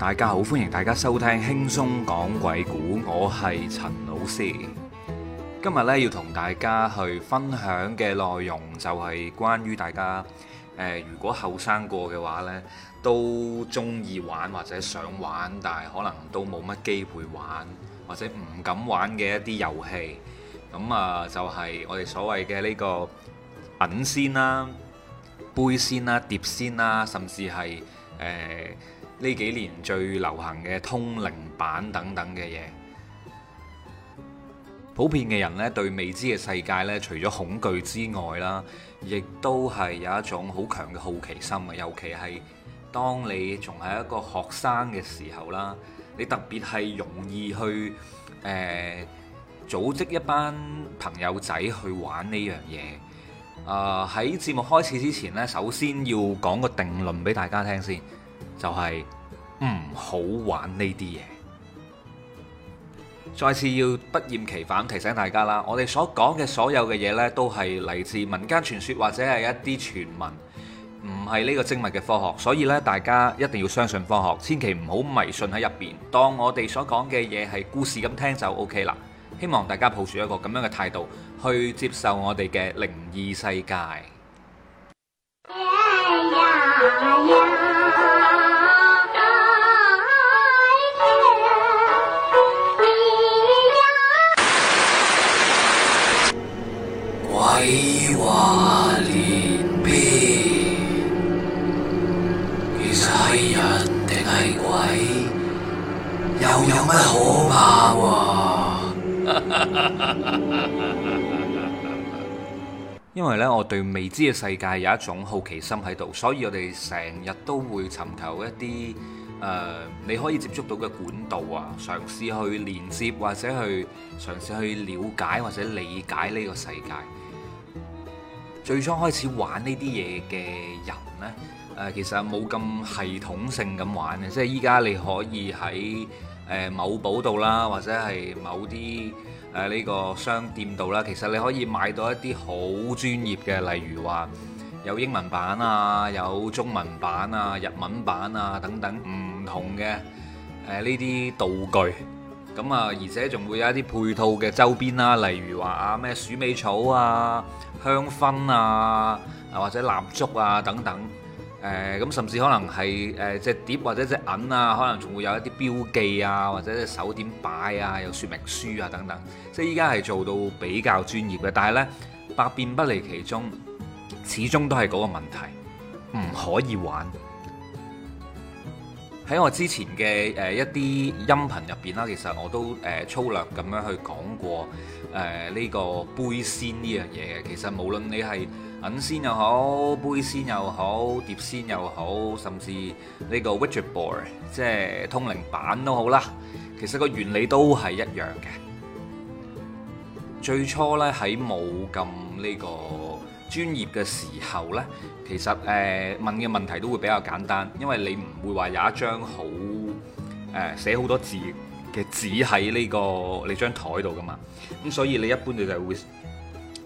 大家好，歡迎大家收聽輕鬆講鬼故。我係陳老師。今日呢，要同大家去分享嘅內容就係關於大家誒、呃，如果後生過嘅話呢都中意玩或者想玩，但係可能都冇乜機會玩或者唔敢玩嘅一啲遊戲。咁、嗯、啊、呃，就係、是、我哋所謂嘅呢個銀仙啦、杯仙啦、碟仙啦，甚至係誒、呃呢幾年最流行嘅通靈版等等嘅嘢，普遍嘅人咧對未知嘅世界咧，除咗恐懼之外啦，亦都係有一種好強嘅好奇心嘅。尤其係當你仲係一個學生嘅時候啦，你特別係容易去誒、呃、組織一班朋友仔去玩呢樣嘢。啊、呃！喺節目開始之前咧，首先要講個定論俾大家聽先。就係、是、唔好玩呢啲嘢。再次要不厭其煩提醒大家啦，我哋所講嘅所有嘅嘢呢，都係嚟自民間傳說或者係一啲傳聞，唔係呢個精密嘅科學，所以呢，大家一定要相信科學，千祈唔好迷信喺入邊，當我哋所講嘅嘢係故事咁聽就 OK 啦。希望大家抱住一個咁樣嘅態度去接受我哋嘅靈異世界。好怕喎！ 因為呢，我對未知嘅世界有一種好奇心喺度，所以我哋成日都會尋求一啲誒、呃，你可以接觸到嘅管道啊，嘗試去連接或者去嘗試去了解或者理解呢個世界。最初開始玩呢啲嘢嘅人呢，誒、呃，其實冇咁系統性咁玩嘅，即係依家你可以喺。誒、呃、某寶度啦，或者係某啲誒呢個商店度啦，其實你可以買到一啲好專業嘅，例如話有英文版啊、有中文版啊、日文版啊等等唔同嘅誒呢啲道具。咁、呃、啊，而且仲會有一啲配套嘅周邊啦，例如話啊咩鼠尾草啊、香薰啊，或者蠟燭啊等等。誒咁、呃，甚至可能係誒隻碟或者隻銀啊，可能仲會有一啲標記啊，或者手點擺啊，有說明書啊等等，即係依家係做到比較專業嘅。但係呢，百變不離其宗，始終都係嗰個問題，唔可以玩。喺我之前嘅誒一啲音頻入邊啦，其實我都誒、呃、粗略咁樣去講過誒呢、呃這個杯仙呢樣嘢。其實無論你係銀仙又好，杯仙又好，碟仙又好，甚至呢個 witchboard 即係通靈板都好啦。其實個原理都係一樣嘅。最初呢，喺冇咁呢個專業嘅時候呢，其實誒、呃、問嘅問題都會比較簡單，因為你唔會話有一張好誒寫好多字嘅紙喺呢個你張台度㗎嘛。咁所以你一般你就會誒、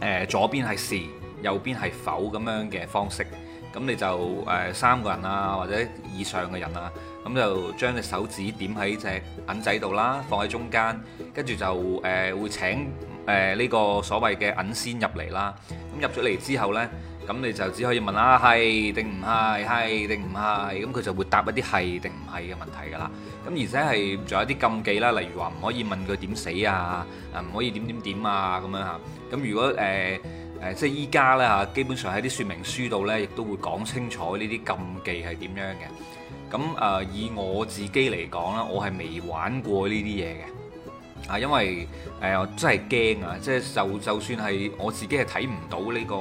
呃、左邊係事。右邊係否咁樣嘅方式，咁你就誒、呃、三個人啊，或者以上嘅人啊，咁就將隻手指點喺隻銀仔度啦，放喺中間，跟住就誒、呃、會請誒呢、呃這個所謂嘅銀仙入嚟啦。咁入咗嚟之後呢，咁你就只可以問啦，係定唔係？係定唔係？咁佢就會答一啲係定唔係嘅問題㗎啦。咁而且係仲有啲禁忌啦，例如話唔可以問佢點死啊，唔可以點點點啊咁樣嚇。咁如果誒。呃誒即係依家咧，基本上喺啲說明書度咧，亦都會講清楚呢啲禁忌係點樣嘅。咁誒、呃、以我自己嚟講啦，我係未玩過呢啲嘢嘅，啊因為誒、呃、真係驚啊！即係就就算係我自己係睇唔到呢、呢個誒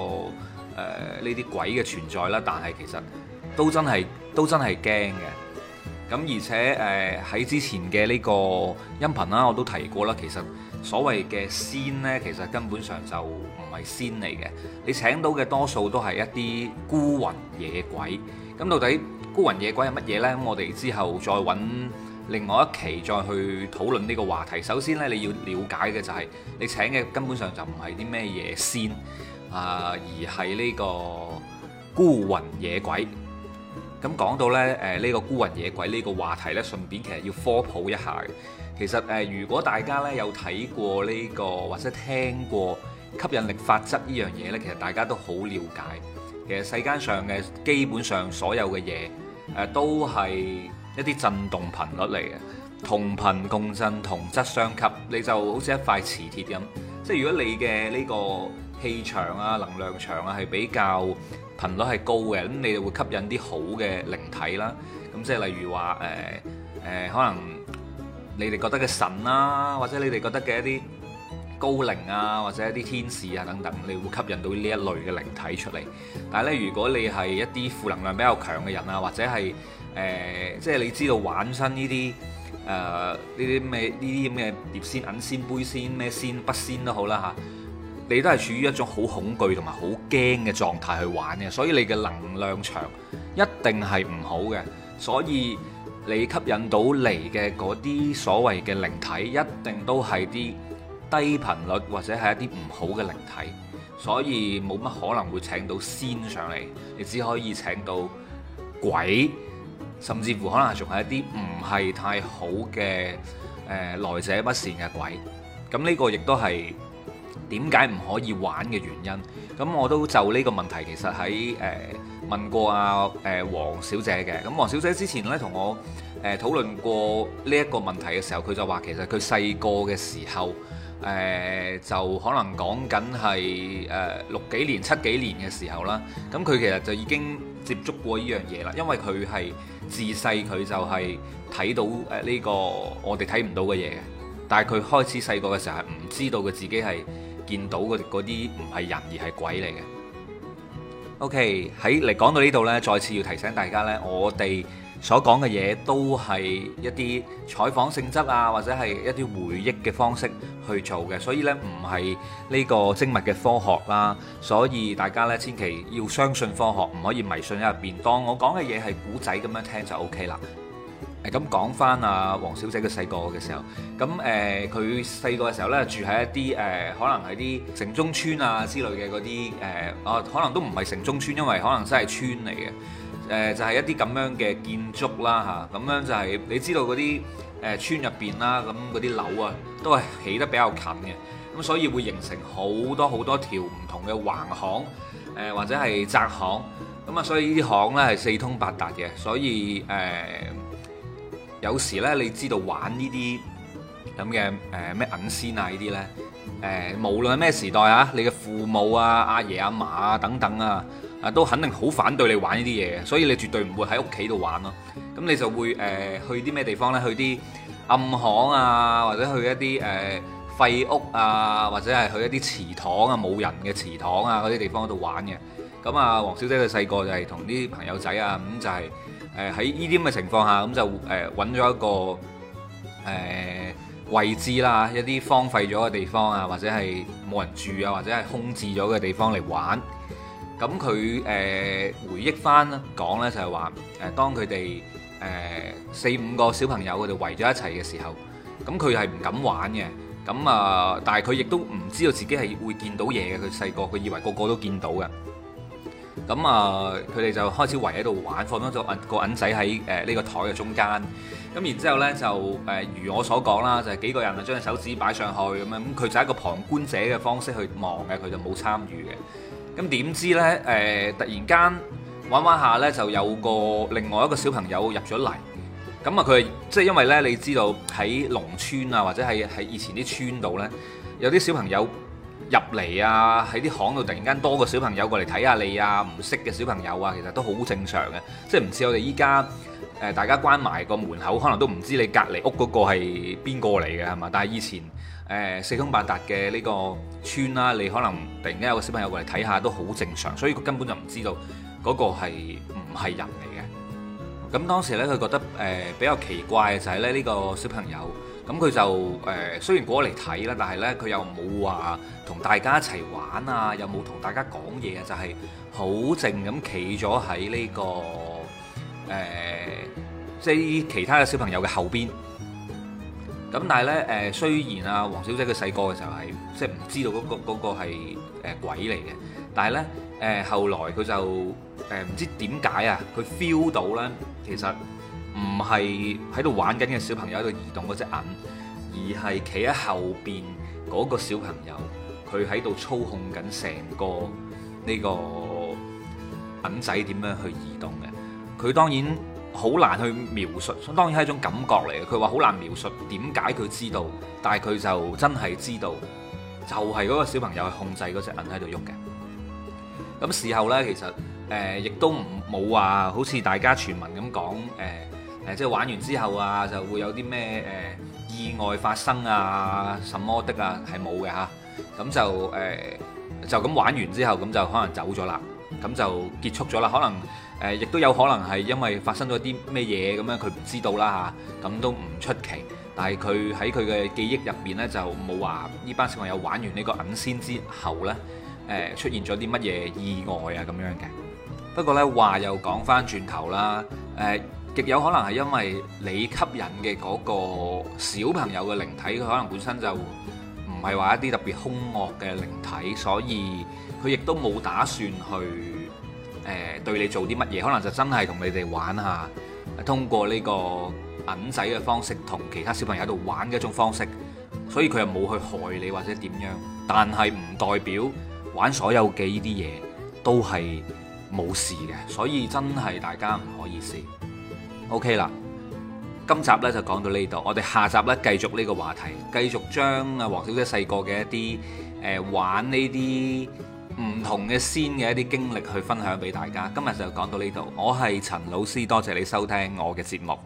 呢啲鬼嘅存在啦，但係其實都真係都真係驚嘅。咁而且誒喺、呃、之前嘅呢個音頻啦，我都提過啦，其實。所謂嘅仙呢，其實根本上就唔係仙嚟嘅，你請到嘅多數都係一啲孤魂野鬼。咁到底孤魂野鬼係乜嘢呢？我哋之後再揾另外一期再去討論呢個話題。首先呢，你要了解嘅就係、是、你請嘅根本上就唔係啲咩嘢仙啊、呃，而係呢個孤魂野鬼。咁講到呢，誒、呃、呢、這個孤魂野鬼呢個話題呢，順便其實要科普一下。其實誒、呃，如果大家咧有睇過呢、呢個或者聽過吸引力法則呢樣嘢咧，其實大家都好了解。其實世間上嘅基本上所有嘅嘢誒，都係一啲震動頻率嚟嘅，同頻共振，同質相吸。你就好似一塊磁鐵咁，即係如果你嘅呢個氣場啊、能量場啊係比較頻率係高嘅，咁你就會吸引啲好嘅靈體啦。咁即係例如話誒誒，可能。你哋覺得嘅神啦、啊，或者你哋覺得嘅一啲高靈啊，或者一啲天使啊等等，你會吸引到呢一類嘅靈體出嚟。但係咧，如果你係一啲負能量比較強嘅人啊，或者係誒，即、呃、係、就是、你知道玩親呢啲誒呢啲咩呢啲咩碟仙、銀仙、杯仙、咩仙、筆仙都好啦嚇、啊，你都係處於一種好恐懼同埋好驚嘅狀態去玩嘅，所以你嘅能量場一定係唔好嘅，所以。你吸引到嚟嘅嗰啲所謂嘅靈體一定都係啲低頻率或者係一啲唔好嘅靈體，所以冇乜可能會請到仙上嚟，你只可以請到鬼，甚至乎可能仲係一啲唔係太好嘅誒、呃、來者不善嘅鬼，咁呢個亦都係點解唔可以玩嘅原因。咁我都就呢個問題，其實喺誒。呃問過阿、啊、誒、呃、黃小姐嘅，咁黃小姐之前呢，同我誒討論過呢一個問題嘅時候，佢就話其實佢細個嘅時候誒、呃、就可能講緊係誒六幾年七幾年嘅時候啦，咁佢其實就已經接觸過呢樣嘢啦，因為佢係自細佢就係睇到誒呢個我哋睇唔到嘅嘢嘅，但係佢開始細個嘅時候係唔知道佢自己係見到嗰啲唔係人而係鬼嚟嘅。O K，喺嚟講到呢度呢，再次要提醒大家呢，我哋所講嘅嘢都係一啲採訪性質啊，或者係一啲回憶嘅方式去做嘅，所以呢，唔係呢個精密嘅科學啦，所以大家呢千祈要相信科學，唔可以迷信喺入邊，當我講嘅嘢係古仔咁樣聽就 O K 啦。咁講翻啊，黃小姐嘅細個嘅時候，咁誒佢細個嘅時候呢，住喺一啲誒、呃，可能係啲城中村啊之類嘅嗰啲誒，啊可能都唔係城中村，因為可能真係村嚟嘅誒，就係、是、一啲咁樣嘅建築啦嚇，咁、啊、樣就係、是、你知道嗰啲誒村入邊啦，咁嗰啲樓啊都係起得比較近嘅，咁、呃、所以會形成好多好多條唔同嘅橫巷誒，或者係窄巷咁啊，所以呢啲巷呢係四通八達嘅，所以誒。呃有時呢，你知道玩呢啲咁嘅誒咩銀仙啊呢啲呢，誒、呃，無論咩時代啊，你嘅父母啊、阿爺阿嫲啊等等啊，啊都肯定好反對你玩呢啲嘢，所以你絕對唔會喺屋企度玩咯、啊。咁你就會誒、呃、去啲咩地方呢？去啲暗巷啊，或者去一啲誒、呃、廢屋啊，或者係去一啲祠堂啊、冇人嘅祠堂啊嗰啲地方度玩嘅。咁啊，黃小姐佢細個就係同啲朋友仔啊，咁、嗯、就係、是。誒喺呢啲咁嘅情況下，咁就誒揾咗一個誒、呃、位置啦，一啲荒廢咗嘅地方啊，或者係冇人住啊，或者係空置咗嘅地方嚟玩。咁佢誒回憶返講呢，就係話誒，當佢哋誒四五個小朋友佢哋圍咗一齊嘅時候，咁佢係唔敢玩嘅。咁啊、呃，但係佢亦都唔知道自己係會見到嘢嘅。佢細個，佢以為個個都見到嘅。咁啊，佢哋、嗯、就開始圍喺度玩，放咗個銀個銀仔喺誒呢個枱嘅中間。咁、嗯、然之後呢，就誒，如我所講啦，就係幾個人啊將隻手指擺上去咁樣，咁、嗯、佢就係一個旁觀者嘅方式去望嘅，佢就冇參與嘅。咁、嗯、點知呢？誒、呃，突然間玩玩下呢，就有個另外一個小朋友入咗嚟。咁、嗯、啊，佢即係因為呢，你知道喺農村啊，或者係喺以前啲村度呢，有啲小朋友。入嚟啊！喺啲巷度突然間多個小朋友過嚟睇下你啊，唔識嘅小朋友啊，其實都好正常嘅，即係唔似我哋依家誒大家關埋個門口，可能都唔知你隔離屋嗰個係邊個嚟嘅係嘛？但係以前誒、呃、四通八達嘅呢個村啦、啊，你可能突然間有個小朋友過嚟睇下都好正常，所以佢根本就唔知道嗰個係唔係人嚟嘅。咁當時呢，佢覺得誒、呃、比較奇怪嘅就係咧呢、呢個小朋友。咁佢就誒雖然過嚟睇啦，但係呢佢又冇話同大家一齊玩啊，又冇同大家講嘢啊，就係好靜咁企咗喺呢個誒，即係其他嘅小朋友嘅後邊。咁但係呢誒，雖然啊，黃小姐佢細個嘅時候係即係唔知道嗰個嗰個係誒鬼嚟嘅，但係呢誒後來佢就誒唔知點解啊，佢 feel 到呢，其實，唔係喺度玩緊嘅小朋友喺度移動嗰隻銀，而係企喺後邊嗰個小朋友，佢喺度操控緊成個呢個銀仔點樣去移動嘅。佢當然好難去描述，當然係一種感覺嚟嘅。佢話好難描述點解佢知道，但係佢就真係知道，就係、是、嗰個小朋友去控制嗰隻銀喺度喐嘅。咁事後呢，其實誒亦、呃、都冇話好似大家傳聞咁講誒。呃誒即係玩完之後啊，就會有啲咩誒意外發生啊，什麼的啊，係冇嘅嚇。咁、啊嗯、就誒、欸、就咁玩完之後，咁、嗯、就可能走咗啦，咁、嗯、就結束咗啦。可能誒亦、呃、都有可能係因為發生咗啲咩嘢咁樣，佢唔知道啦嚇，咁都唔出奇。但係佢喺佢嘅記憶入邊呢，就冇話呢班小朋友玩完呢個銀仙之後呢，誒出現咗啲乜嘢意外啊咁樣嘅。不過呢，話又講返轉頭啦，誒、欸。極有可能係因為你吸引嘅嗰個小朋友嘅靈體，佢可能本身就唔係話一啲特別兇惡嘅靈體，所以佢亦都冇打算去誒、呃、對你做啲乜嘢。可能就真係同你哋玩下，通過呢個銀仔嘅方式同其他小朋友喺度玩嘅一種方式，所以佢又冇去害你或者點樣。但係唔代表玩所有嘅呢啲嘢都係冇事嘅，所以真係大家唔可以試。O.K. 啦，今集呢就講到呢度，我哋下集呢繼續呢個話題，繼續將阿黃小姐細個嘅一啲誒、呃、玩呢啲唔同嘅仙嘅一啲經歷去分享俾大家。今日就講到呢度，我係陳老師，多謝你收聽我嘅節目。